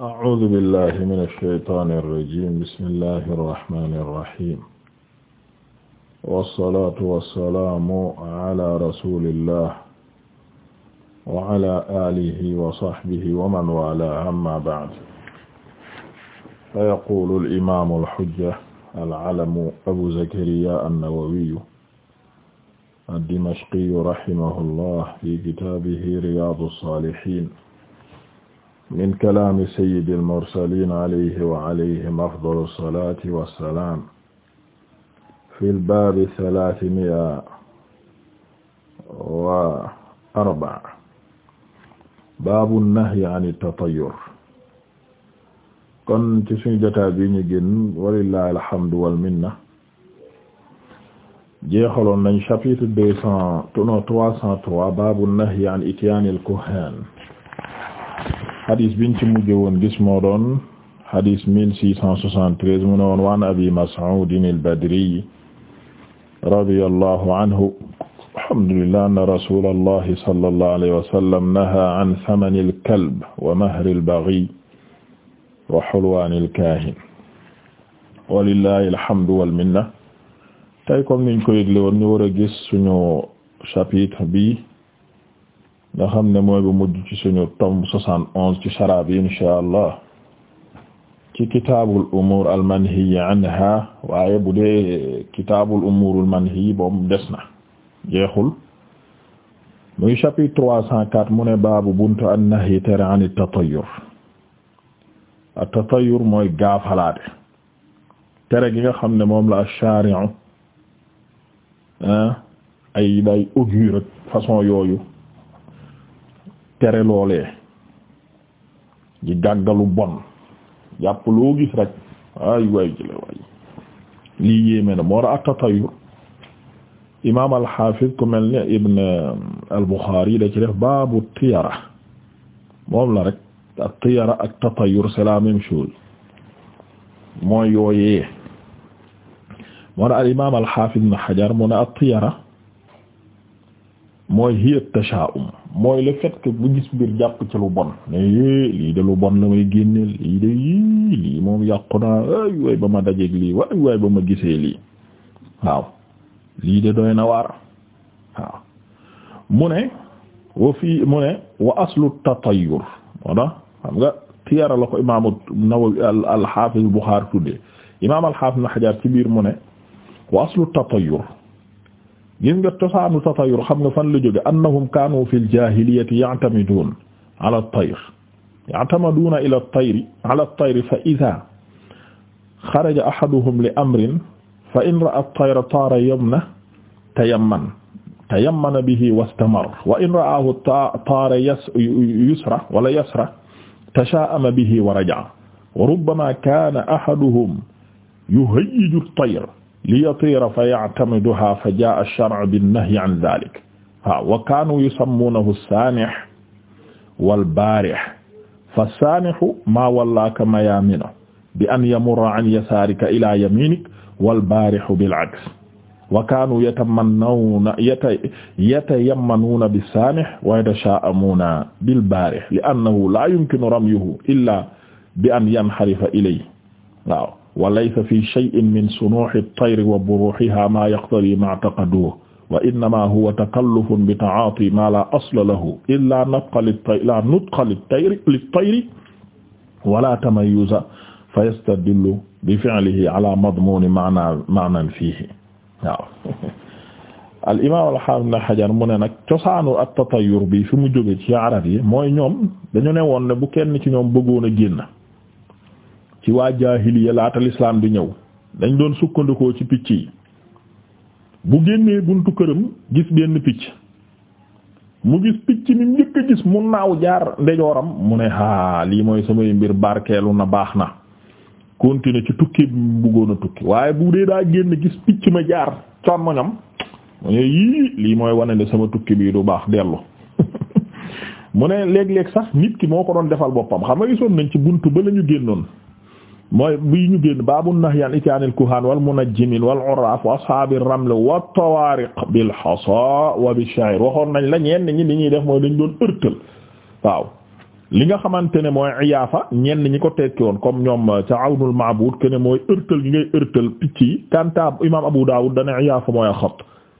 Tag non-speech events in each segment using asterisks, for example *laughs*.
أعوذ بالله من الشيطان الرجيم بسم الله الرحمن الرحيم والصلاة والسلام على رسول الله وعلى آله وصحبه ومن والاه أما بعد فيقول الإمام الحجة العلم أبو زكريا النووي الدمشقي رحمه الله في كتابه رياض الصالحين min kalaami sayyidil mursaliin alayhi wa alayhim afdalu salaati wa salaam fil baabi salaasimia wa arba baabu nahyi ani tatayyur kon ci suñu jotaay bi ñu génn walillaahi alhamdu wal minna jeexaloon nañ chapitre deux cent non trois cent trois baabu nahyi an ityaanil kuhaan xadis biñ ci mujj woon gis moo doon xadis 1673 mu ne woon waan abi mas'udin al-badri radiyallahu anhu alhamdulillah anna rasulallahi sallallahu alayhi wa sallam naha an thamani al-kalb wa mahri al-baghi wa hulwani al-kahin walillahi alhamdu wal minna tey comme niñ ko yëgle woon ñu war a gis suñu chapitre bi nga xam ne mooy bu mujj ci suñu tome soixante onze ci sharah bi insha allah ci kitaabul umuur al anha waaye bu dee kitaabul umuurul manhiyi boom des na jeexul muy chapitre trois cent quatre mu ne baabu buntu an-nahyi tere an at mooy gaafalaate tere gi xam ne moom la ash ah, ay day augure façon yooyu tere loolee di gàggalu bon jàpp loo gis ay waay jële waay lii yéeme na moo ra ak tatayur imaam al ku mel ne Ibn al-Bukhari da ci def baabu tiyara moom la rek ak tiyara ak tatayur c'est la même chose mooy moo ra al imaam al-Hafiz Ibn Hajar mu ne tiyara mooy hiya tashaa'um mooy le fait bu gis mbir jàpp ci lu bon ne lii de lu bon la may génne lii de yii lii moom yàqu ba ma dajeeg lii waay waay ba ma gisee lii waaw lii de doy na waar waaw mu ne wa fii mu ne wa aslu tatayyur wala xam nga tiyara la ko imaam Nawawi al-Hafiz Bukhari tudde imaam al-Hafiz na Hajar ci biir mu ne wa aslu tatayyur gis nga cosaanu tatayur xam nga fan la jóge annahum kaanu fil jaahiliyati ya'tamiduuna ala at-tayr ya'tamiduuna ila at-tayri ala at-tayri fa idhaa xaraja ahaduhum li amrin fa in ra'a at-tayra taara yamna tayammana tayammana bihi wastamar wa in ra'aahu taara yusra wala yasra tashaa'ama bihi wa raja'a wa rubbamaa kaana ahaduhum yuhayyiju at-tayr li yatira fa ya'tamiduha fa jaa ash-shar'u bin-nahyi 'an dhalik waaw wa kaanu yusammuunahu as-saanih wal-baarih fa-s-saanihu maa wallaaka mayaamina bi an yamurra 'an yasaarika ilaa yamiinika wal-baarihu bil-'aks wa kaanu yatamannawna yatayammanuuna bis-saanih wa yatashaa'amuuna bil-baarih li annahu laa yumkinu ramyuhu illaa bi an yanharifa ilayhi waaw wa laysa fi shay'in min sunuhi at-tayri wa buruhiha ma yaqtadi ma'taqaduhu wa innama huwa takallufun bi ta'ati ma la asla lahu illa nutqa lit-tayri la nutqa lit-tayri lit-tayri wa la tamayyuza fa yastadillu bi fi'lihi ala madmuni ma'na ma'nan fihi waaw *laughs* al imaam al haafiz ibn Hajar mu ne nag cosaanu at-tatayyur bi fi mu jóge ci arab yi mooy ñoom dañu ne woon ne bu kenn ci ñoom bëggoon a génn ci waa jaahiliya laata lislaam di ñëw dañ doon sukkandikoo ci picc yi bu génnee buntu këram gis benn picc mu gis picc mi njëkk a gis mu naaw jaar ndejooram mu ne haa lii mooy samay mbir barkeelu na baax na continuer ci tukki bi mu bëggoon a tukki waaye bu dee daa génn gis picc ma jaar càmmoñam mu ne yii lii mooy wane ne sama tukki bii du baax dellu *laughs* mu ne léeg-léeg sax nit ki moo ko doon defal boppam xam nga gisoon nañ ci bunt ba lañu génnoon mooy bii ñu génn baabu nahyi an ityaanil kuhaan wal munajjimin wal urraaf wa ashaabir raml wa tawaariq bil hasaa wa bi sha'ir waxoon nañ la ñenn ñi li ñuy def mooy dañ doon ërtal waaw li nga xamante ne mooy iyaafa ñenn ñi ko tekki woon comme ñoom ca awnul ma'buud ke ne mooy ërtal gi ngay ërtal picc yi kanta imaam Abu Daawud dana iyaafa mooy xat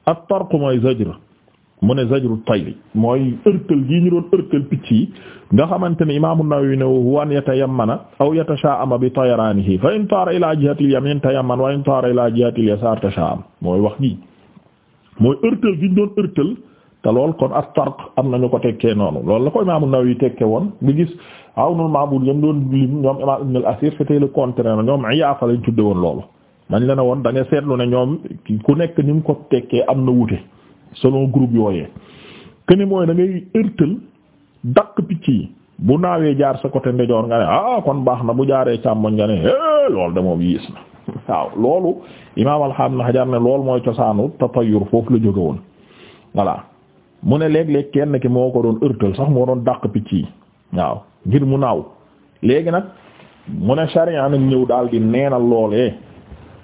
at-tarq mooy zajr mu ne zajru tayri mooy ërtël gii ñu doon ërtël picc yi nga xamante ne imaamu Nawawi ne huwa an yatayammana aw yatashaa'ama bi tayranihi fa in taara ila jihati al-yamin tayamman wa in taara ila jihati al-yasar tashaa'am mooy wax gi mooy ërtël gi ñu doon ërtël te lool kon at-tarq am na ñu ko tekkee noonu lool la ko imaamu yi tekke woon nga gis Awnul Ma'bud ñoom doon lim ñoom imaam Ibn al-Asir c'était le contraire ñoom Iyaafa lañ tudde woon loolu dañ la ne woon da nga seetlu ñoom ku nekk ni ko tekkee am na wuute selon groupe yooyee kene mooy da ngay ërtal dàq picc yi bu naawee jaar sa côté ndejoor nga ne ah kon baax na bu jaaree càmmoñ nga ne é lool de moom yiis na *laughs* waaw loolu imaam alxam na xajar ne loolu mooy cosaanu tatayur foofu la jóge woon voilà mu ne léeg-léeg kenn ki moo ko doon ërtal sax moo doon dàq picc yi waaw ngir mu naaw léegi nag mu ne sharia nag ñëw daal di neenal loolee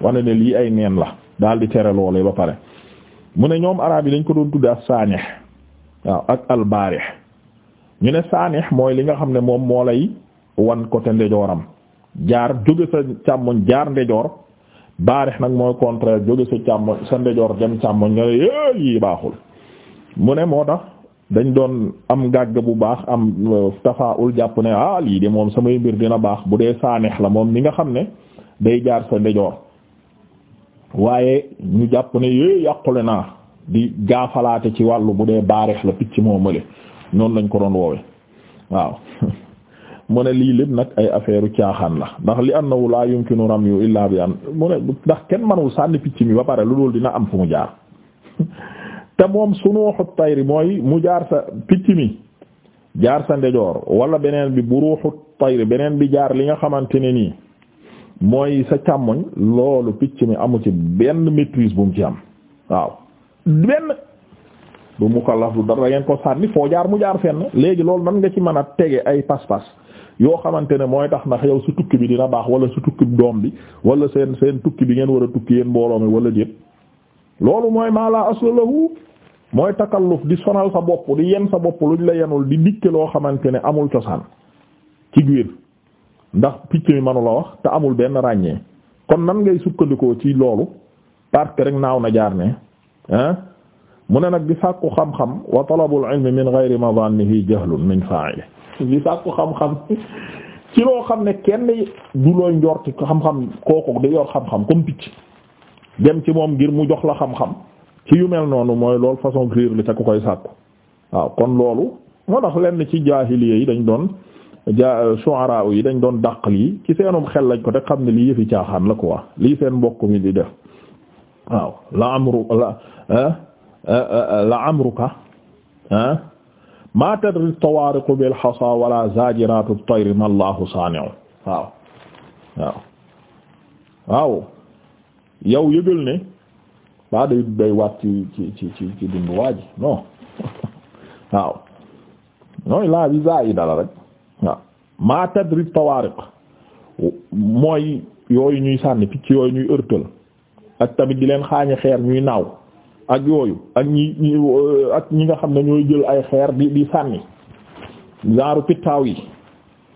wane ne lii ay neen la daal di tere loolee ba pare mu ne ñoom araab yi dañ ko doon tudde ak saanix waaw ak albaarix ñu ne saanix mooy li nga xam ne moom moo lay wan côté ndejooram jaar jóge sa càmmoñ jaar ndejoor baarix nag mooy contraire jóge sa càmmoñ sa ndejoor dem càmmoñ nga ne yéey baaxul mu ne moo tax dañ doon am gàgg bu baax am euh, tafaawul jàpp ne ah lii de moom samay mbir dina baax bu dee saanix la moom li nga xam ne day jaar sa ndejoor waaye ñu jàpp ne yée yàqule naa di gaafalaate ci wàllu bu dee baarix la picc moo mële noonu lañ ko doon woowe waaw *laughs* mu ne lii lépp nag ay affaire caaxaan la ndax li annahu la yumkinu ramyu illa bi an mu ne ndax kenn manul sànni picc mi ba pare lu dool dina am fu mu jaar *laughs* te moom sunuuxu tayri mooy mu jaar sa picc mi jaar sa ndejoor wala beneen bi buruuxu tayri beneen bi jaar li nga xamante ne nii mooy sa càmmoñ loolu picc mi amu ci benn maîtrise bu mu ci am waaw benn bu mu ko laf lu dara ngeen ko sànni foo jaar mu jaar fenn léegi loolu nan nga ci mën a tege ay pas-pas yoo xamante ne mooy tax ndax yow su tukki bi dina baax wala su tukki doom bi wala seen seen tukki bi ngeen war a tukki yéen mbooloo mi wala déet loolu mooy maa laa mooy takalluf di sonal sa bopp di yen sa bopp luñ la yenul di dikke loo xamante ne amul cosaan ci biir. ndax picc mi mënu la wax te amul benn ràññee kon nan ngay sukkandikoo ci loolu parce rek naaw na jaar ne ah mu ne nag di sàkku xam-xam wa talabul ilmi min ghayri madhannihi jahlun min fa'ili di sàkku xam-xam *laughs* ci loo xam ne kenn du looy njorti xam-xam kooku da yor xam-xam comme picc dem ci moom ngir mu jox la xam-xam ci yu mel noonu mooy loolu façon griir li te ku koy sàkku waaw kon loolu moo tax lenn ci jaahiliya yi dañ doon ja euh, shu'ara yi dañ doon daq lii ci seenum xel lañ ko te xam ne lii yëfi caaxaan la quoi li seen mbokk mi di def waaw la amru la euh, euh, la amruka ma tadri tawaariqu bil hasa wala zajiratu tayri ma Allahu yow yëgal ne baa day day waat ci ci ci ci ci dundu waaji *laughs* laa bi zaida la rek maa tadrib tawaariq mooy yooyu ñuy sànni picc yooyu ñuy ërtal ak tamit di leen xaañi xeer ñuy naaw ak yooyu ak ñi euh, ak ñi nga xam ne ñooy jël ay xeer di di sànni genre pittaaw yi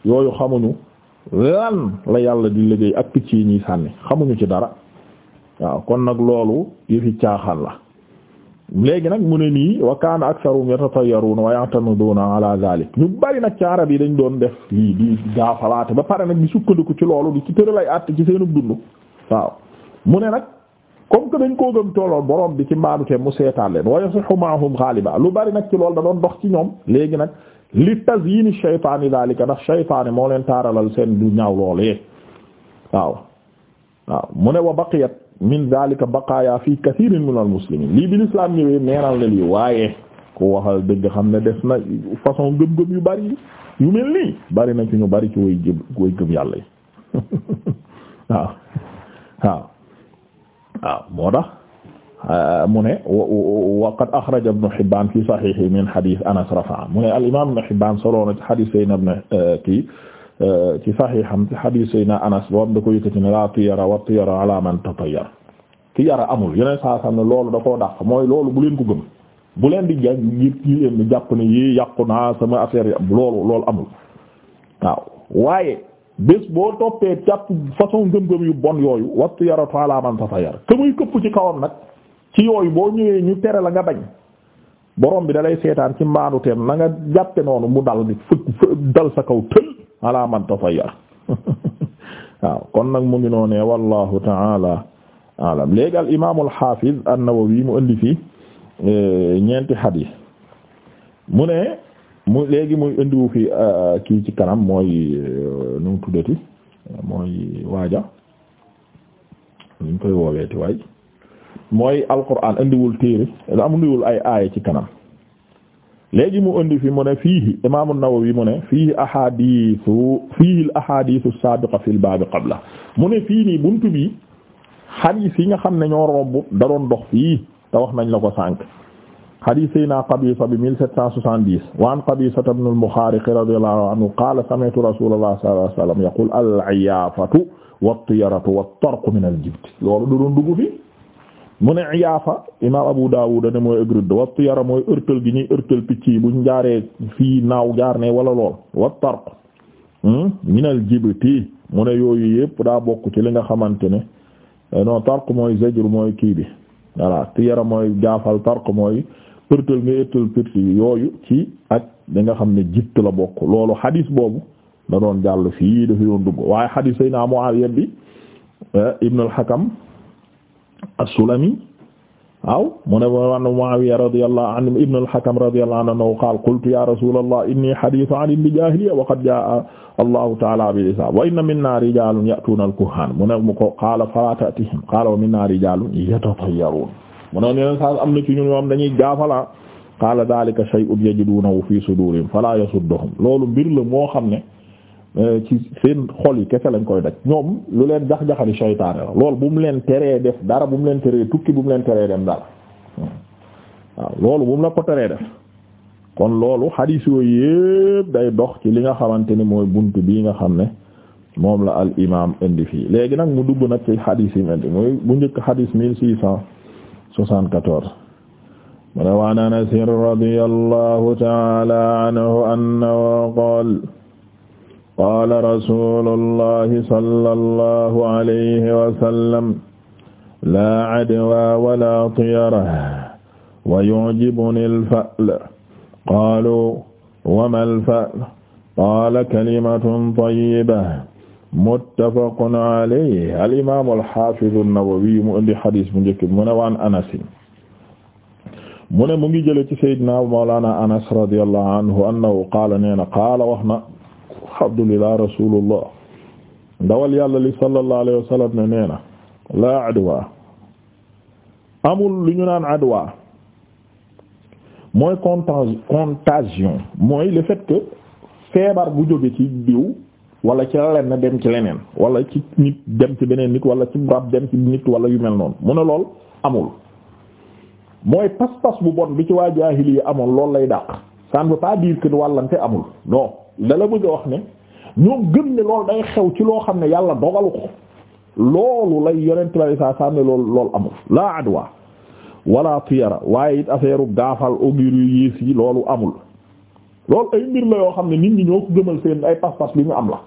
yooyu xamuñu lan la yàlla di liggéey ak picc yi ñuy sànni xamuñu ci dara waaw kon nag loolu yëfi caaxaan la léegi nag mu ne nii wa kaana aktharuhum yatatayyaruna wa ya'tamiduna ala zalik ñu bari nag ci arab yi dañ doon def lii di gaafalaate ba pare nag di sukkandiku ci loolu di ci tëral ay àtt ci seenub dund waaw mu ne nag kom que dañ koo gëm tooloon borom bi ci mbaadute mu seetaan leen wa yasihu ma'ahum ghaliba lu bari nag ci loolu da doon dox ci ñoom léegi nag li tazyini shaytaani daalika ndax shaytaani moo leen taaralal seen du ñaaw loolee waaw waaw mu ne wa baqiyat min zalika baqaya fi kathirin min al muslimin lii bi l'islam ñëwee neenal na lii waaye ku waxal dëgg xam ne des na façon gëm-gëm yu bari yu mel nii bari na ci ñu bari ci way jëm way gëm yàlla yi *laughs* waaw waaw waaw moo tax euh, mu ne wa qad axraja ibnu Hibbaan fi saxiixi min xadiis Anas rafaa mu ne al imaam ibnu Hibbaan soloona ci xadiis Seydina ibnu euh, kii ci saxiixam ci xadiis Seydina Anas boobu da ko yëkkati ne laa tiyara wa tiyara ala man tatayyar tiyara amul yeneen saa xam ne loolu da koo dàq mooy loolu bu leen ko gëm bu leen di ja jàpp ne yii yàqu naa sama affaire loolu loolu amul waaw waaye bés boo toppee jàpp façon gëm-gëm yu bon yooyu wa tiyaratu ala man tatayyar te muy këpp ci kawam nag ci yooyu boo ñëwee ñu tere la nga bañ. borom bi da lay seetaan ci maanu teem na nga jàppe noonu mu dal di fëgg dal sa kaw ala man tatayyar *laughs* waaw kon nag mu ngi noonee wallahu taala alam léegi al imaam al xaafiz an-Nawawi mu indi fi e, ñeenti xadiis mu ne mu léegi muy indiwu fi e, ki ci kanam mooy e, nu mu mooy waaja nu ñu koy wooweeti waay mooy alquran indiwul téere indiwul ay aaya ci kanam léegi mu indi fi mu ne fiihi imaamu Nawawi mu ne fiihi ahadiisu fiihi ahadiisu saabiqa fil baabi qabla mu ne fii nii buntu bi xadiis yi nga xam ne ñoo romb da doon dox fii te wax nañ la ko sànq xadiis Seydina Qabisa bi 1770 wa an Qabisa ibn al-Mukhariq radiyallahu anhu qaala sami'tu rasuulallahi sallallahu alayhi wa sallam yaqul al-iyaafatu wat-tiyaratu wat-tarqu min al-jibt loolu da doon dugg fii mu ne iyaafa imam Abu Dawud ne mooy ëgrëd wattu yaramooy mooy gi ñuy ërtal picc yi ñu jaaree fii naaw jaar ne wala lool wat tarq hmm, minal jibti mu ne yooyu yëpp daa bokk ci li nga xamante ne eh, non tarq mooy zajr mooy kii bi voilà tu yara mooy gaafal mooy ërtal nga ërtal picc yooyu ci ak li nga xam ne jibt la bokk loolu xadis boobu da doon jàll fii dafa yoon dugg waaye xadis ay naa Muawiya bi eh, Ibn al-Hakam as-Sulami waaw mu ne waan Muawiya radiyallahu anhu ibn al-Hakam radiyallahu anhu qaala qultu ya rasulallah inni hadithun an ibn jahiliya wa qad jaa allahu ta'ala bil islam wa inna minna rijalun ya'tuna al-kuhan mu ne mu ko qaala fala ta'tihim qaala wa minna rijalun yatatayyarun mu ne yeneen saa am na ci ñun ñoom dañuy gaafala qaala dhalika shay'un yajidunahu fi sudurihim fala yasudduhum loolu mbir la moo xam ne Euh, ci seen xol yi kese lañ koy daj ñoom lu leen jax-jaxali seytaane la lool bu mu leen teree def dara bu mu leen teree tukki bu mu leen teree dem dara loolu bu mu la ko teree def kon loolu xadiis yooyu day dox ci li nga xamante ni mooy bunt bii nga xam ne moom la al imaam indi fii léegi nag mu dugg nag ci xadiis yi indi bu njëkk xadiis mil six cent soixante-quatorze mu ne waan Anas radiyallahu ta'ala anhu annahu qaala qaala rasulullahi sallallahu alayhi wa sallam laa cadwa wala tiyara wa yucjibuni alfa'l qaaluu wama alfa'l qaala kalimatun tayyiba muttafaqun alayhi alimamu alxafidu nawawi mu indi xadis bu njëkk mu ne waan anas mu ne mu ngi jële ci sayyidina mawlaana anas radiyallahu anhu annahu qaala nee na qaala wax na alhamdulillah rasulullah ndawal yàlla li sallallahu alayhi wa sallam nee na laa adwa amul lu ñu naan adwa mooy contagion contagion mooy le fait que feebar bu jóge ci diw wala ci lenn dem ci leneen wala ci nit dem ci beneen nit wala ci rab dem ci nit wala yu mel noonu mu ne lool amul mooy pas-pas bu bon bi ci waa jaahili yi amoon loolu lay dàq ça ne veut pas dire wàllante amul non la la bëgg a wax ne ñoom gëm ne loolu day xew ci loo xam ne yàlla dogalu ko loolu lay yonent bi saa saa ne loolu loolu amul laa adwa wala tiyara waaye it affaire gaafal augure yées yi loolu amul loolu ay mbir yoo xam ne nit ñi ñoo gëmal seen ay pas-pas li ñu am la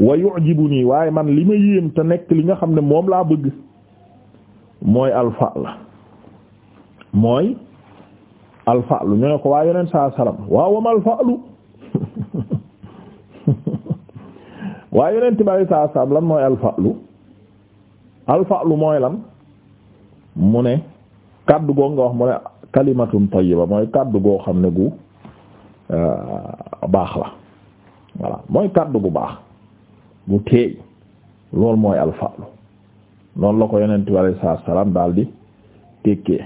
wa yu'jibuni waaye man li ma yéem te nekk li nga xam ne moom laa bëgg mooy alfa mooy alfa lu ne ko waa yeneen saa salam waaw wam alfa *laughs* waaye yonent bi saa saam lan mooy alfa'lu alfa'lu mooy lan mu ne kaddu goo nga wax mu ne kalimatun tayyiba mooy kaddu goo xam ne gu euh, baax la voilà mooy kaddu gu baax bu teey loolu mooy alfa'lu noonu la ko yonent bi saa salaam daal di tekkee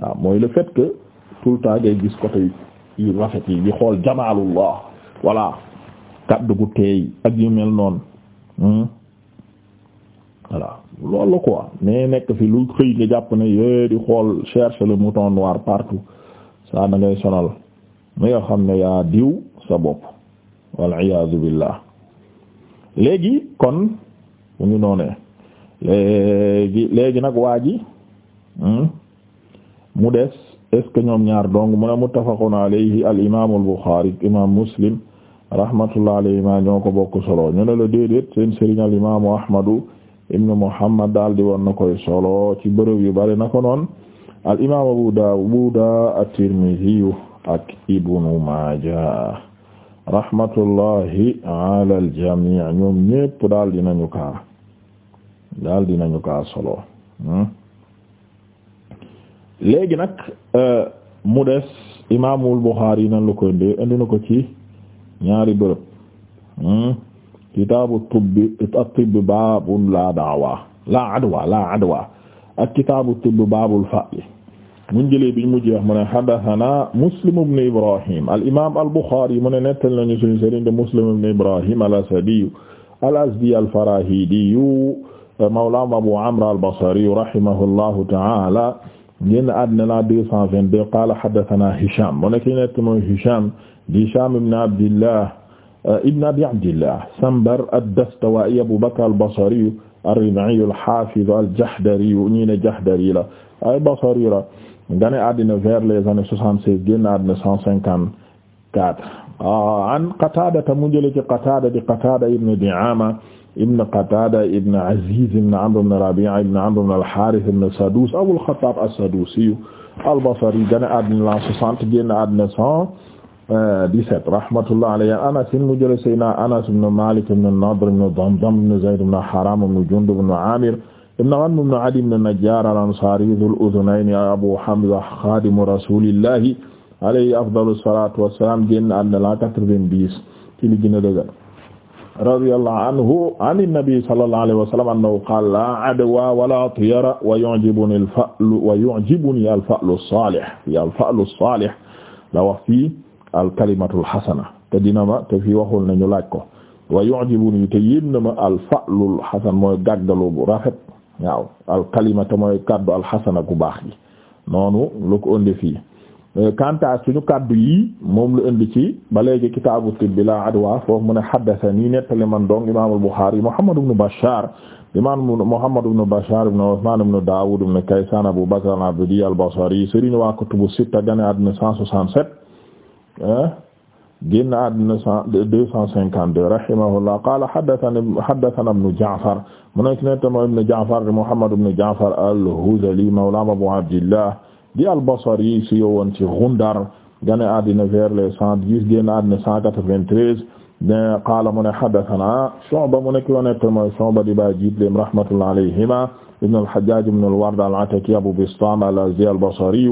waaw mooy le fait que tout le temps ngay gis côté yi rafet yi di xool jamaalullah voilà kaddu gu teey ak yu mel noonu hmm? voilà loolu la quoi nekk fi lu xëy nga jàpp na yee di xool cherche le mouton noir partout saa da ngay sonal mi nga xam ne yaa diw sa bopp wal iyaazu billah léegi kon mu ngi noonee léegi léegi nag waa ji hmm? mu des est ce que ñoom ñaar dong mu ne muttafaqun al imaamul buxaari imaam muslim. rahmatullah alayhima ñoo ko bokk solo ñu ne la déedéet seen sëriñ imaamu ahmadu ibnu muhammad daal di woon na koy solo ci bërëb yu bari na ko noon al imaam abu daawud ak ibnu maaja rahmatullahi ala al jamii ñoom ñépp daal dinañu kaa solo hmm? léegi nag euh, mu des imaamul buxaari nan lu koy ndee ko ci ñaari bërëb hmm? kitaabu tibbi at-tibb baabun laa da'wa laa adwa laa adwa ak kitaabu tibb baabul fa'li mun jëlee bi mu jeex mu ne haddathana muslim ibn ibrahim al imaam al buxaari mu ne nettal nañu suñu sëriñ de muslim ibn ibrahim al asadi al azdi al farahidi mawlaam abu amr al basri rahimahullahu ta'ala génn àddina la 222 qaala haddathana hisham mu ne ki nett mooy hisham di Hisham ibn Abdillah uh, ibn Abi Abdillah Sambar ad-Dastuwaa'i Abu Bakr al-Basri ar-Riba'i al-Hafiz al-Jahdari ñi ne Jahdari la ay Basri la gane àddina vers les années soixante-seize génn àddina cent cinquante-quatre ah, an Qatada ta mu jële ci Qatada di Qatada ibn Di'ama ibn Qatada ibn Aziz ibn Amr ibn Rabi'a ibn Amr ibn al-Harith ibn Sadus Abu al-Khattab as-Sadusi al-Basri gane àddina la soixante génn àddina cent 17 euh, rahmatullah alayhi Anas mu jële Seydina Anas ibn Malik ibn Nadr ibn Damdam ibn Zayd ibn Haram ibn Jundub ibn Amir ibn Ghanm ibn Adi ibn Najjar al-Ansari dhul udhunayni Abu Hamza khadimu rasulillahi alayhi afdalu salatu wassalam génn àddina la 90 ci li gën a dëgg radiyallahu anhu ani nabi sallallahu alayhi wa sallam annahu qala la adwa wala tiyara wa yu'jibuni al-fa'lu wa yu'jibuni al-fa'lu as-salih ya al-fa'lu as-salih la wax fii al kalimatul xasana te dina ma te fii waxul nañu laaj ko wa yu'jibuni te yéem na ma al fa'lul xasan mooy gàggalu bu rafet waaw al te mooy kaddu al gu baax gi noonu lu ko ëndi fii kanta euh, suñu kaddu yi moom lu ëndi ci ba léegi kitaabu tib bi la foofu mu ne haddathani nettali man dong imaamul Buxaari Muhammad ibn Bashar imam Muhammad ibn Bashar ibn Usman ibn Dawud ibn Kaysan Abu Bakr al-Abdi al-Basri waa kutubu sitta génn àddina cent deux cent cinquante deux rahimahullah qaala haddathana haddathana ibnu Ja'far mu nekk ne tama ibnu Ja'far Muhammad ibnu Ja'far al-Hudhali mawla Abu Abdillah di al-Basri si yowoon ci Ghundar génn àddina vers les cent dix génn àddina cent quatre-vingt-treize qaala mu ne haddathana Shu'ba mu nekk yoo nekk mooy Shu'ba di ba jiitleem rahmatullah alayhima ibnu al-Hajjaj ibnu al-Ward al-Ataki Abu Bistam al-Azdi al-Basri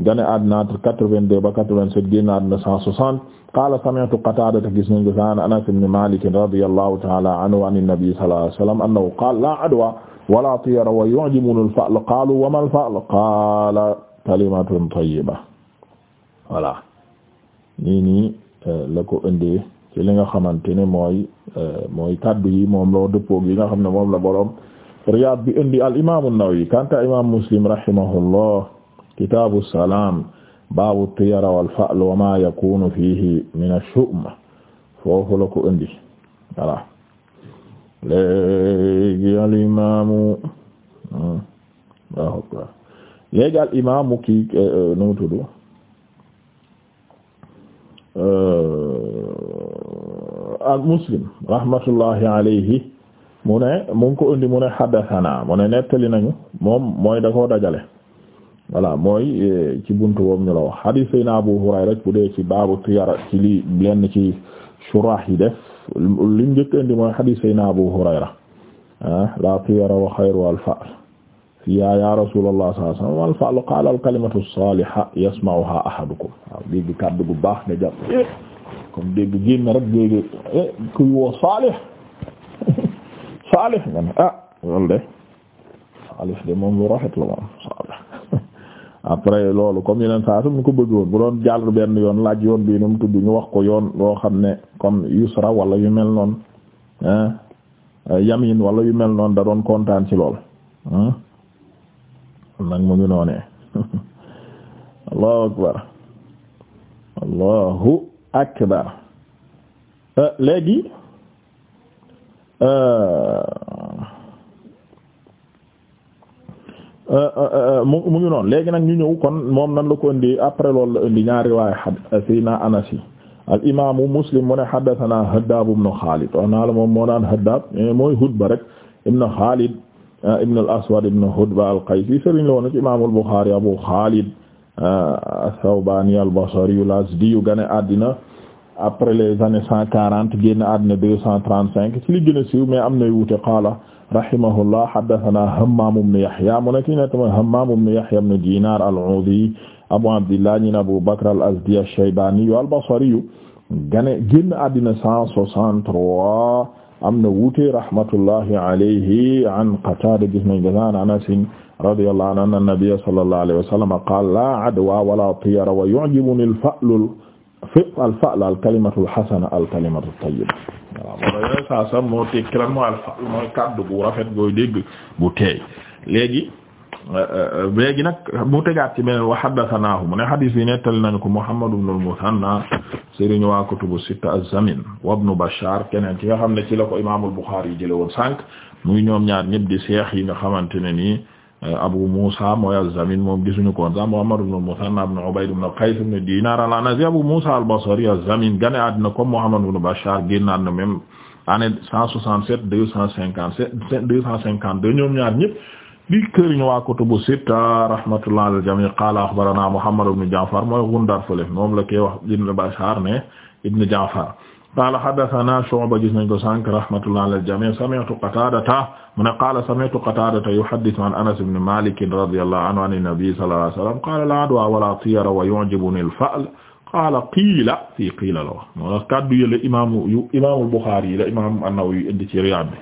gane àddina entre quatre-vingt-deux ba quatre-vingt-sept génn àddina cent soixante qaala sami'tu Qataada te gis nañ ko an Anas ibn Maalik radiyallahu ta'ala anhu an an-nabi sallallahu alayhi wa sallam annahu qaala laa adwa wala tiyara wa yu'jibuni al-fa'l qaalu wa ma al-fa'l qaala kalimatun tayyiba voilà nii nii euh, la ko indee ci li nga xamante ne mooy euh, mooy kaddu yi moom loo dëppoog yi nga xam ne moom la boroom Riyaad bi indi al imaamu Nawawi kanta imaam Muslim rahimahullah kitaabu salaam baabu tiyara wal fa'l wa ma yakunu fihi min ash-shu'm foofu la ko indi voilà léegi al imaamu hmm, léegi al imaamu eh, eh, eh, al muslim rahmatullahi alayhi mu ne ko indi mu ne haddathana mu ne nettali nañu moom mooy da dajale voilà mooy e, ci buntu boobu ñu la wax hadith sayna Abu Hurayra rek bu dee ci baabu tiyara ci li lenn ci shuraax yi def li njëkk indi mooy hadith sayna Abu Hurayra ah, la tiyara wa xayru al-fa'l fiihaa ya rasuulallah sallallahu alayhi wa sallam wal-fa'lu qaala al-kalimatu as-saaliha yasma'uha ahadukum waaw dégg kàddu gu baax nga jàpp eh, comme dégg génn rek dégg eh, kuy woo saalih *laughs* saalih nga ne ah loolu de saalih de moom lu rafet la moom saalih après loolu comme yeneen saa su ñu ko bëggoon bu doon jàll benn yoon laaj yoon bii nu mu tudd ñu wax ko yoon loo xam ne comme yusra wala yu mel noon yamin wala yu mel noonu da doon kontaan ci lool nag mu ngi noonee *laughs* allahu akbar allahu akbar euh, léegi euh, Euh, euh, euh, mu mu ngi noonu léegi nag ñu ñëw kon moom nan la ko indi après loolu la indi ñaari riwaaya xad sayna Anas al imaamu Muslim mu ne haddathana Haddaab ibn Xaalid wax naa la moom moo naan Haddaab mooy Hudba rek ibn Xaalid ibn al-Aswad ibn Hudba al-Qaysi sëriñ la woon ci imaamul Buxaari Abu Xaalid as-Sawbaani al-Basri al-Azdi gane àddina après les années cent quarante génn àddina deux cent trente cinq ci li gën si siiw mais am nay wuute qaala rahimahullah haddathana Hammaam ibn Yahya mu nekk na tamit Hammaam ibn Yahya ibn Dinar al-Awdi Abu Abdillah ibn Abu Bakr al-Azdi ash-Shaybani al-Basri gane génn àddina 163 am na wuute rahmatullahi alayhi an Qatada gis nañ gazaan Anas radiyallahu anhu anna an-nabiyya sallallahu alayhi wa sallam qala la adwa wala tiyara wa yu'jibuni al-fa'lu al-fa'lu al-kalimatu al-hasana al-kalimatu at-tayyiba waaw moo yooyu saa sam moo tekki lan mooy alfa mooy kàddu bu rafet gooy dégg bu teey léegi euh, euh, léegi nag mu tegaat ci beneen wa haddathanaahu mu ne hadis bi nettali nañu ko Muhammad ibn al-Muthanna sëriñ waa kutubu sitta az-Zamin wa ibn Bashar keneen ki nga xam ne ci la ko Imaamul Bukhari yi jële woon sànq muy ñoom ñaar ñëpp di seex yi nga xamante ne nii Abu Musa mooy az-Zamin moom gisuñu ko woon sax Muhammad ibn al-Musanna ibn Ubayd ibn Qays ibn Dinar al-Anazi Abu Musa al-Basri az-Zamin gane àddina comme Muhammad ibn Bashar génnaat na même année 167 ñaar ñëpp di këriñ waa sitta rahmatullah al-jami' qala akhbarana Muhammad ibn Ja'far mooy Gundar fële moom la koy wax ibn Bashar ne ibn Ja'far qaala haddasanaa Shu'ba gis nañ ko sànq rahmatullahi alal jamii' sami'tu Qataadata mu ne qaala sami'tu Qataadata yuhaddithu an Anas ibn Maalik radiyallahu anhu an nabii sallallahu alayhi wa sallam qaala laa adwaa walaa tiyara wa yu'jibunii al-fa'l qaala qiila fii qiila la wax moo tax kàddu yi la imaamu yu imaamul Buxaari yi la imaamu an-Nawawi indi ci Riyaad bi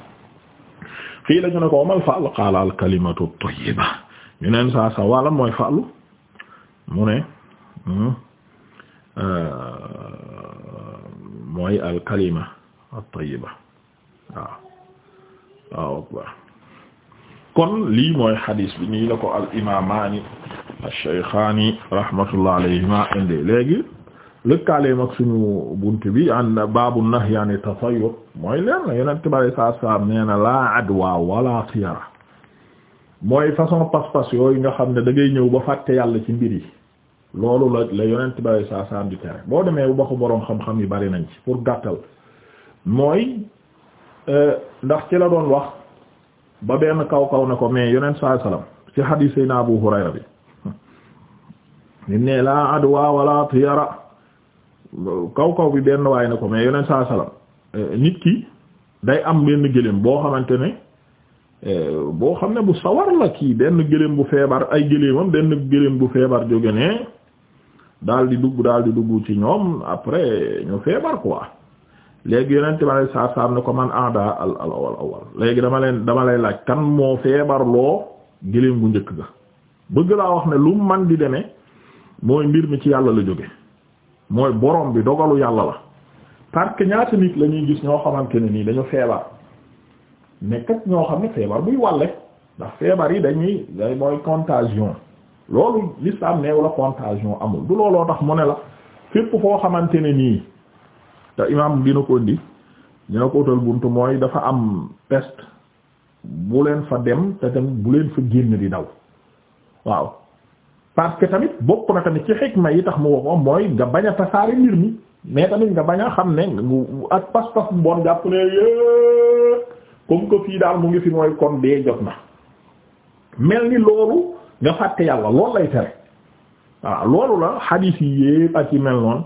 qiila ñu ne ko mal fa'l qaala al-kalimatu at-tayyiba ñu neen saa sa wàllam mooy fa'l mu ne. Hmm, euh, mooy alkalima at-tayyiba kon lii mooy xadis bi nii la ko al imaamaani ash-shaykhaani rahmatullah alayhima indi léegi lëkkaaleem ak suñu bunt bi an baabu nahyi an tasayyur mooy leer na yonent bari saa saam nee na laa adwa wala siyara mooy façon passe-passe yooyu nga xam ne dangay ñëw ba fàtte yàlla ci mbir yi loolu la la yonent bari saa saam di tere boo demee bu baxu boroom xam-xam yi bari nañ ci pour gàttal mooy euh, ndax ci la doon wax ba benn kaw kaw na ko mais yonent saa salaam ci xadiis Seydina Abu Hurayra bi nit ne laa adwa wala benn waay na ko mais yonent saa salaam euh, nit ki day am benn gëléem boo xamante ne euh, boo xam ne bu sawar la kii benn gëléem bu feebar ay gëléemam benn gëléem bu feebar jóge ne daal di dugg daal di dugg ci ñoom après ñu feebar quoi léegi yonent ma lay saa saa ne ko man aada al al awal awal léegi dama leen dama lay laaj kan moo feebar loo gëléem gu njëkk ga bëgg laa wax ne lu man di deme mooy mbir mi ci yàlla la jóge mooy borom bi dogalu yàlla la parce ñaata nit lañuy gis ñoo xamante ne nii dañu feebar mais ñoo xam ne feebar buy wàlle ndax feebar yi dañuy day mooy contagion loolu l'islam neew la contagion amul du looloo tax mu ne la fépp foo xamante ne nii te imam dina ko indi dina ko utal buntu mooy dafa am peste bu leen fa dem te tamit bu leen fa génn di daw waaw parce que tamit bokk na tamit ci xikma may tax mu waxoon mooy nga bañ a tasaare mbir mi mais tamit nga bañ a xam ne ak pas-pas bon jàpp ne comme que fii daal mu ngi fi mooy kon dee jot na mel ni loolu nga fàtte yàlla loolu lay tere waaw loolu la xadiis yi yépp ak yi mel noonu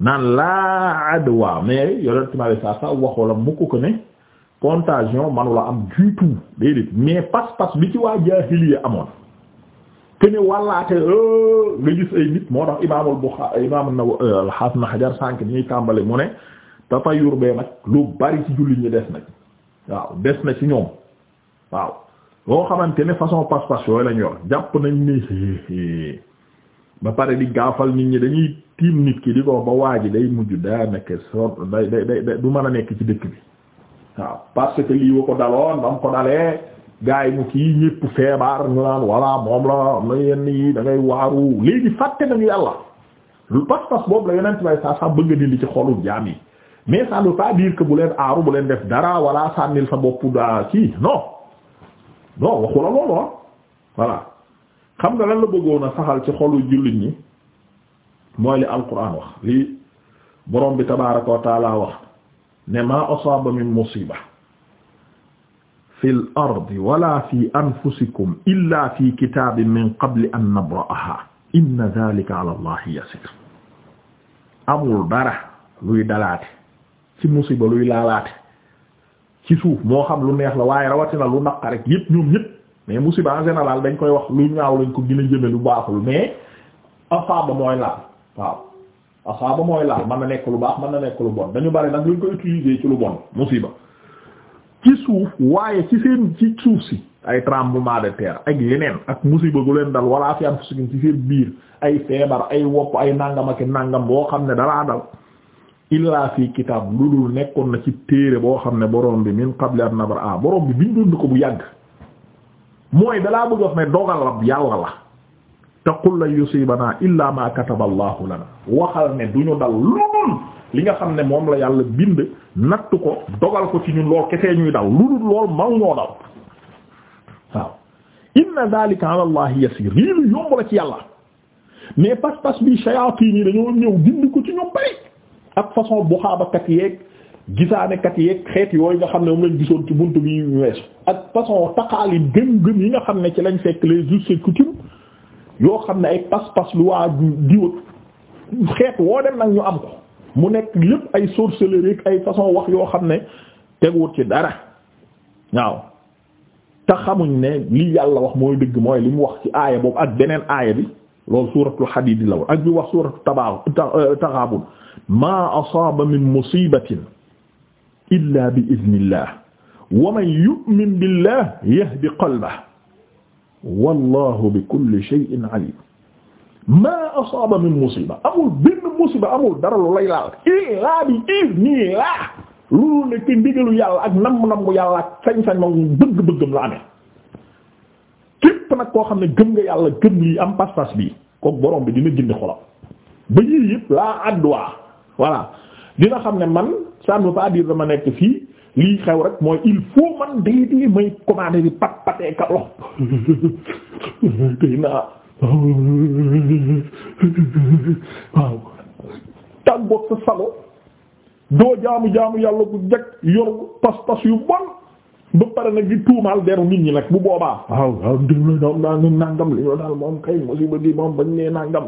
naan laa adwa mais yolent ma saa sa waxoo la mukk ko ne contagion manula am du tout déedéet mais pas-pas bi ci waa jaahiliya amoon te ne wàllaate euh, nga gis ay nit moo tax imaamul Buxaari imaam euh, al-Haafiz Ibn Hajar sànk ni ñuy tàmbali mu ne tatayur bee nag lu bari ci julli ñi des na ci waaw des na ci ñoom waaw boo xamante ne façon passe-passe yooyu lañ yor jàpp nañ ni ba pare di gaafal nit ñi dañuy tiim nit ki di ko ba waa ji day mujj daa nekk sor day day du mën a nekk ci dëkk bi waaw parce que lii wa ko daloon ba ko dalee gaay mu kii ñépp feebar ñu naan voilà moom la ma na yenn yi da ngay waaru léegi fàtte nañu yàlla lu pas boobu la yonent bay saa saa bëgg a dindi ci xolu jaam yi mais ça ne veut pas bu leen aaru bu leen def dara wala sànnil sa bopp daa kii non waxu la loolu ah voilà xam nga lan la a saxal ci xolu jullit ñi mooy li alquran wax lii borom bi tabaaraka wa taala wax ne maa asaaba min musiba fil ardi wala fi anfusikum illa fi kitaabin min qabli an nabra'aha inna dhalika ala allahi yasir amul luy dalaate ci suuf moo xam lu neex la waaye rawatina lu naq rek yëpp ñoom ñëpp mais musiba en laal dañ koy wax lu ñaaw lañ ko gën a jëme lu baaxul mais asaaba mooy laal waaw ba mooy laal mën na nekk lu baax mën na nekk lu bon dañu bari nag luñ ko utiliser ci lu bon musiba ci suuf waaye ci seen ci suuf si ay tremblement de terre ak yeneen ak musiba gu leen dal wala fi am ci seen biir ay feebar ay wopp ay nangam ak nangam boo xam ne dalaa illaa fi kitaab lu dul nekkoon na ci téere boo xam ne borom bi min qabli an nabra ah, borom bi bindoon ko bu yàgg mooy dalaa bëgg wax ne dogalam yàlla la te qul la yusibanaa illaa ma kataba allahu lana waxal ne du ñu dal lu dul li nga xam ne moom la yàlla bind natt ko dogal ko ci ñun lool kesee ñuy dal lu dul lool maw ñoo dal waaw inna dhalika ala allahi lii lu yomb la ci yàlla mais pas-pas bi shayatin yi dañoo ñëw dindi ko ci ñu bari ak façon buxaabakat yeeg gisaanekat yeeg xeet yooyu nga xam ne moom lañ gisoon ci buntu bi weesu ak façon taqaali gëm-gëm yi nga xam ne ci lañ fekk les us et coutumes yoo xam ne ay pas-pas lu waa diwa xeet woo dem nag ñu am ko mu nekk lépp ay sorcellerie ay façon wax yoo xam ne teguwut ci dara waaw te xamuñ ne li yàlla wax mooy dëgg mooy li mu wax ci aaya boobu ak beneen aaya bi loolu suuratul Hadiid la woon ak bi wax suuratu euh, Taghaabun maa asaaba min musiibatin illaa bi idnillah wa man yu'min billah yahdi qalbahu wallaahu bi kulli shay'in aliim maa asaaba min musiiba amul benn musiba amul dara lu lay laal illaa bi idnillah loolu nekk ndigalu yàlla ak nam-namu yàlla ak sañ-sañ ma bëgg-bëggam la amee képp nag koo xam ne gëm nga yàlla gëm yi am pas bi kook borom bi dina gindi xolam ba yii yëpp laa adduwaa voilà dina xam ne man ça ne veut pas dire dama nekk fii lii xew rek mooy il faut man day dee may commandé bi pat patee ka lox *laughs* tey naa sa sago doo jaamu jaamu yàlla bu njëkk yor pas yu bon ba pare nag di tuumaal deru nit ñi nag bu boobaa waaw waaw diw la ñoom naa ñun li ñoo daal moom kay musiba gi moom bañ nee nangam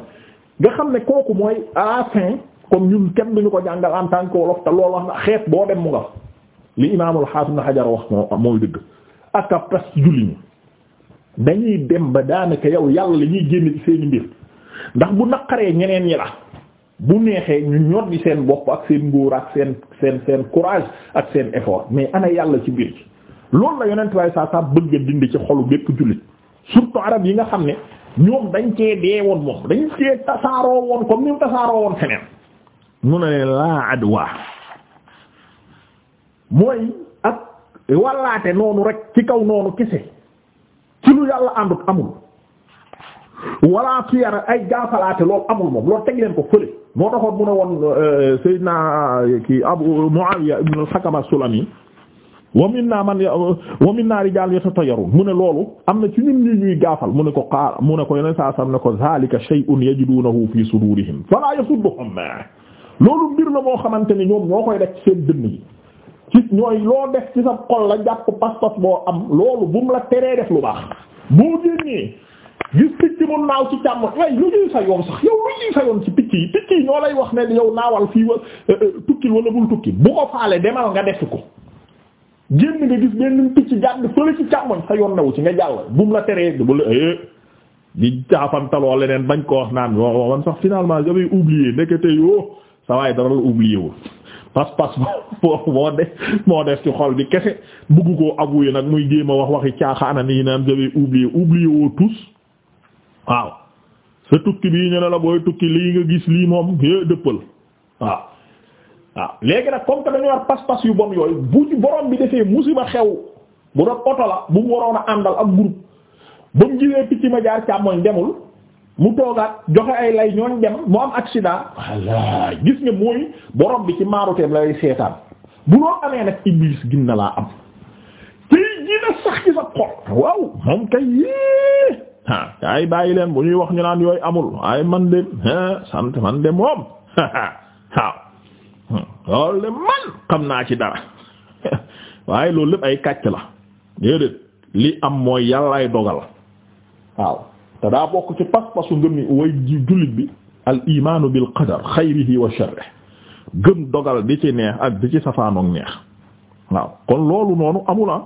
nga xam ne kooku mooy à la fin comme kenn duñu ko jàngal en tant que wolof te loolu wax na xeet boo dem mu nga li imaamul xaafis na xajar wax moo mooy dëgg ak a tas julli ñi dañuy dem ba daanaka yow yàlla li ñuy génn ci seeni mbir ndax bu naqaree ñeneen ñi la bu neexee ñu ñor di seen bopp ak seen nguur ak seen seen seen courage ak seen effort mais ana yàlla ci mbir loolu la yonent waaye saa saa bëgg a dindi ci xolu bépp jullit surtout arab yi nga xam ne ñoom dañ cee dee woon moom dañ cee tasaaroo woon comme ni mu tasaaroo woon feneen mu ne laa adwa mooy ak wallaate noonu rek ci kaw noonu kese ci lu yàlla àndut amul wala fiyara ay gaafalaate loolu amul moom loolu teg leen ko fële moo taxoon mu ne woon euh, Seydina euh, ki Abu Muawiya ibn al-Hakam sulami wa minna man wa minna rijaal yatatayyarun mu ne loolu am na ci ñun ñu ñuy gaafal mu ne ko qaala mu ne ko yeneen saa sam ne ko zaalika shay'un yajiduunahu fii suduurihim falaa yasudduhum loolu mbir la moo xamante ni ñoom ñoo koy def ci seen dënn yi ñooy loo def ci sa xol la jàpp pas boo am loolu bu mu la teree def lu baax boo génnee gis picc mu naaw ci càmm lu ñuy sa yoon sax yow lu ñuy sa yoon ci picc yi picc yi ñoo lay wax ne yow naawal fii wa euh, euh, tukkil wala bul tukki bu ko faale demal nga def ko génn nga gis benn picc jàdd ci càmmoñ sa yoon newu ci nga jàll bu mu la teree bu la eh, di jaafantaloo leneen bañ ko wax naan waaw man sax finalement j'avais oublié ndekete yoo sa waaye dara la oublié wul *laughs* moo def moo def ci xol bi kese bugg koo avouer nag muy jéem a wax waxi caaxaana nii naan j'avais oublié oublié woo tous waaw sa tukki bii ñu ne la booy tukki lii nga gis lii moom é eh, dëppal waaw waaw léegi nag comme que dañu war pas-pas yu bon yooyu bu ci borom bi defee musiba xew bu doon oto la bu mu waroon a àndal ak groupe ba mu gisee picc ma jaar demul mu toogaat joxe ay lay ñooñ dem mu am accident gis nga mooy borom bi ci maaruteem la lay seetaan bu loo amee nag iblis laa am ci gina waaw moom kay yii ay bàyyi leen bu ñuy wax ñu naan yooyu amul ay man de sant man de moom *laughs* waaw loolu de man xam naa ci dara *laughs* waaye loolu lépp ay kàcc la déedéet li am mooy yàllaay dogal waaw te daa bokk ci pas-pasu ngëm yi way jullit bi al imaanu bil qadar xayrihi wa sharrihi gëm dogal bi ci neex ak bi ci safaanoog neex waaw kon loolu noonu amula ah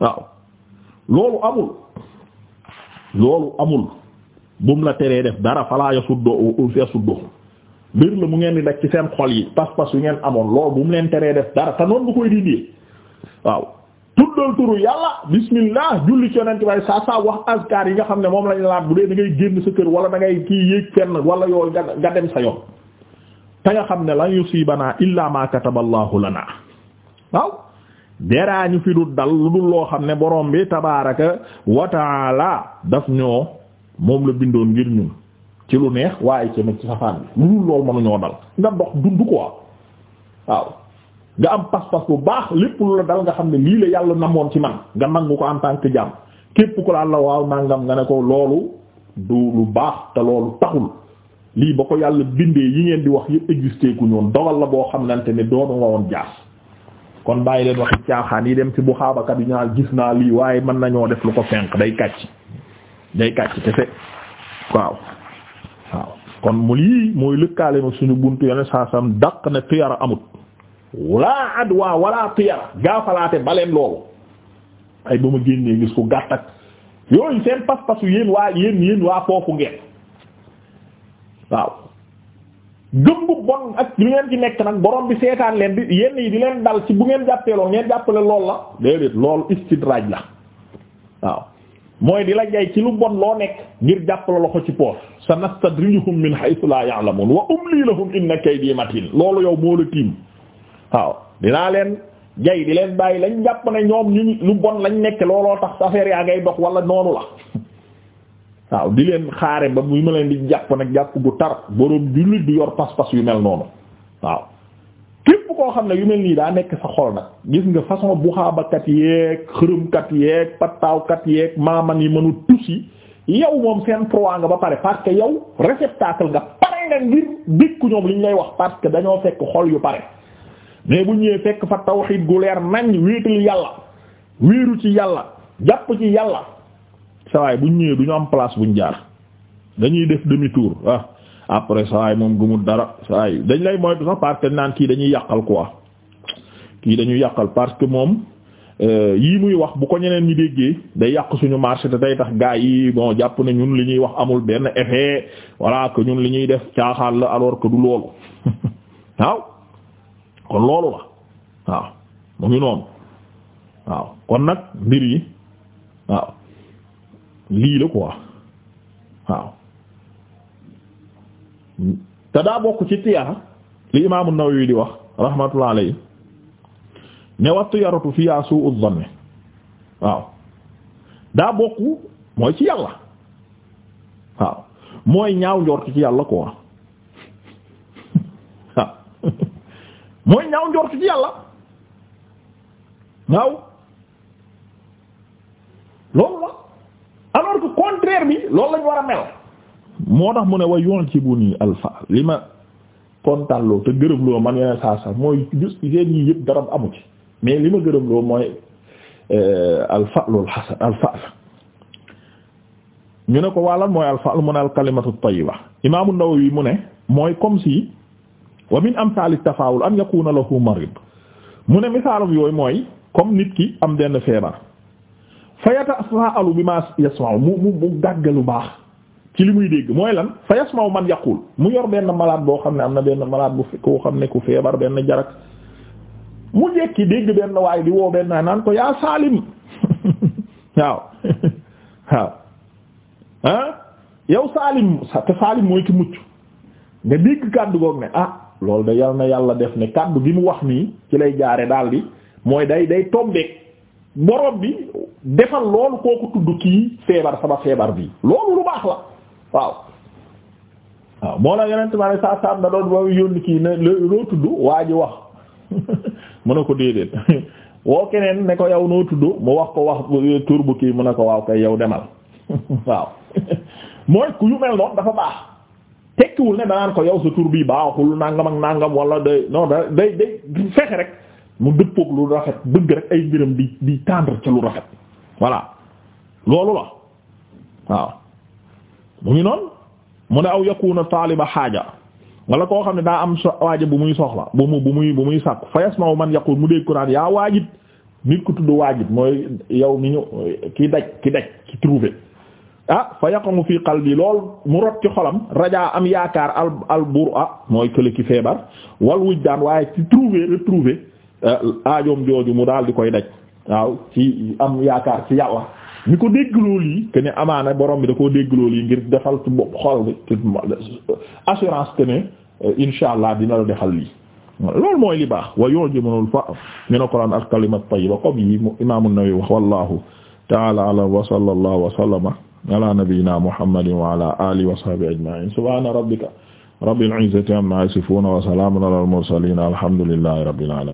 waaw loolu amul loolu amul bum la teree def dara falaa yasuddu yasuddu mbir la mu ngeen di daj ci seen xol yi pas-pas yu ngeen amoon loolu bu mu leen teree def dara te noonu bu koy dindee waaw tuddal turu yàlla bismillah julli ci yonent bay saa saa wax azkar yi nga xam ne moom lañ laat bu dee dangay génn sa kër wala da ngay kii yéeg fenn wala yooyu nga dem sa yoon te nga xam ne lan yusibanaa illaa ma kataballahu lana waaw deraa ñu fi du dal lu dul loo xam ne borom bi tabaaraka wa taala daf ñoo moom la bindoon ngir ci lu neex waaye ci nag ci safaan bi lu loolu mënuñoo dal nga dox dund ko waaw nga am pas-pas bu baax lépp lu la dal nga xam ne lii la yàlla namoon ci man nga nangu ko en tant que jàmm képp ko laa la waaw nangam nga ne ko loolu du lu baax te loolu taxul lii ba ko yàlla bindee yi ngeen di wax yëpp existé ku ñoon dogal la boo xam nante ne doonu nga woon jaas kon bàyyi leen waxi caaxaan yi dem ci bu xaabakat yi ñaan gis naa lii waaye mën nañoo def lu ko fenk day kàcc day kàcc kon mu lii mooy lëkkaale mag suñu buntu yone saasam daq ne tiyara amut wala adwa wala tiyara gaafalaate baleen loolu ay ba ma génnee gis ko gàtt ak yooyu seen pas-pasu yéen waa yéen yéen waa foofu ngeen waaw gëm bu bon ak li ngeen ci nekk nag borom bi seetaan leen di yenn yi di leen dal ci bu ngeen jàppee lool ngeen jàppale lool la déedéet lool istidraaj la waaw mooy di la jay ci lu bon loo nekk ngir jàpp la loxo ci poos sa nastadrijuhum min haythu la ya'lamun wa umli lahum inna kaydi matin loolu yow moo la tiim waaw dinaa leen di leen bàyyi lañ jàpp ne ñoom lu bon lañ nekk looloo tax affaire yaa ngay dox wala noonu la waaw di leen xaare ba bu ma leen di jàpp nag jàpp gu tar boroom jullit du yor pas-pas yu mel noonu waaw koo xam ne yu mel nii daa nekk sa xol nag gis nga façon buxaabakat yeeg xërëmkat yeeg pattaawkat yeeg maaman yi mënu tusi yow moom seen proie nga ba pare parce que yow réceptacle nga pare nga ngir dékku ñoom li ñu lay wax parce que dañoo fekk xol yu pare mais bu ñëwee fekk fa tawxiid gu leer nañ wéetal yàlla wéeru ci yàlla jàpp ci yàlla sawaay bu ñëwee du ñu am place buñ jaar dañuy def demi tour ah. après saay moom gumul dara saay dañ lay moytu sax parce que naan kii dañuy yàqal quoi kii dañuy yàqal parce que moom euh, yii muy wax bu ko ñeneen ñu déggee day yàq suñu marché te day tax gaa yi bon jàpp ne ñun li ñuy wax amul benn effet voilà que ñun li ñuy def caaxaan la alors que loolu *laughs* waaw kon loolu la waaw mu ngi noonu waaw kon nag mbir yi waaw lii la quoi waaw te daa bokk ci tiyaara li imaam an di wax rahmatullah alayhi ne wa tiyaratu fiha su'u dhann waaw daa bokk mooy ci yàlla waaw mooy ñaaw njort ci yàlla waaw loolu la alors que contraire bi loolu lañu war a mel moo tax mu ne wa yu'jibuni alfa li ma kontaanloo te gërëm loo man yeneen saa saa mooy jus seen yii yëpp dara amu ci mais li ma gërëm loo mooy euh, alfa'lu alhasan alfa'l ñu ne ko waalan mooy alfa'l mu ne alkalimatu tayyiba imaamu Nawawi mu ne mooy comme si wa min amsaali tafaawul an yakuna lahu marid mu ne misaalam yooyu mooy comme nit ki am denn feebar fa yatafa'alu bima yasma'u mu mu mu dàggalu baax ci li muy dégg mooy lan fa yasmaw man yaqul mu yor benn malade boo xam ne am na benn malade bu koo xam ne ku feebar benn jarak mu jekki dégg benn waaye di woo benn naan ko yaa Salim *laughs* waaw *laughs* waaw ah yow Salim te Salim mooy ki mucc nga dégg kàddu goog ne ah loolu de yal na yàlla def ne kàddu gi mu wax nii ci lay jaare daal di mooy day day tombeek borom bi defal loolu kooku tudd kii feebar sama feebar bi loolu lu baax la. waaw waaw moo la yeneen ma ne saa saam da doon ba yónni kii ne loo tudd waa ji wax *laughs* mu ne ko déedéet *laughs* woo keneen ne ko yow noo tudd mu wax ko wax tur bu kii mu ne ko waaw kay yow demal *laughs* waaw mooy ku yu mel noonu dafa baax tekkiwul ne danaan ko yow sa tur bi baaxul nangam ak nangam wala day day day fexe rek mu dëppoog lu rafet bëgg rek ay mbiram di di tendre ci lu rafet voilà loolu la waaw mu ngi noonu mu ne aw yakuna taaliba xaaja wala koo xam ne daa am waaja bu muy soxla bu mu bu muy bu muy sàkk fa yasma'u man yaqul mu dégg ko naan yaa waajib nit ku tudd waajib mooy yow mi ñu ki daj ki daj ki trouvé ah fa yaqamu fi qalbi lool mu rot ci xolam rajaa am yaakaar al al bur'a mooy kële ki feebar wal daan waaye ci trouvé retrouvé euh, aajoom jooju mu daal di koy daj waaw ci am yaakaar ci yàlla ñu ko déggloo lii que ne amaana borom bi da koo déggloo lii ngir defal ci bopp xol bi assurance que ne euh, insha dina defal lii loolu mooy li baax wa yu'jimul fa min al-Qur'an al-kalimat tayyiba comme yi Imam an-Nawawi wax wallahu ta'ala a'lam wa sallallahu wa sallama ala nabiyyina Muhammadin wa ala alihi wa sahbihi ajma'in subhana rabbika rabbil izzati amma yasifun wa salamun